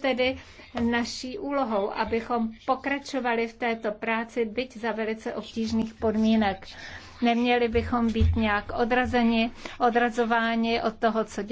tedy naší úlohou, abychom pokračovali v této práci, byť za velice obtížných podmínek. Neměli bychom být nějak odrazeni, odrazováni od toho, co děláme.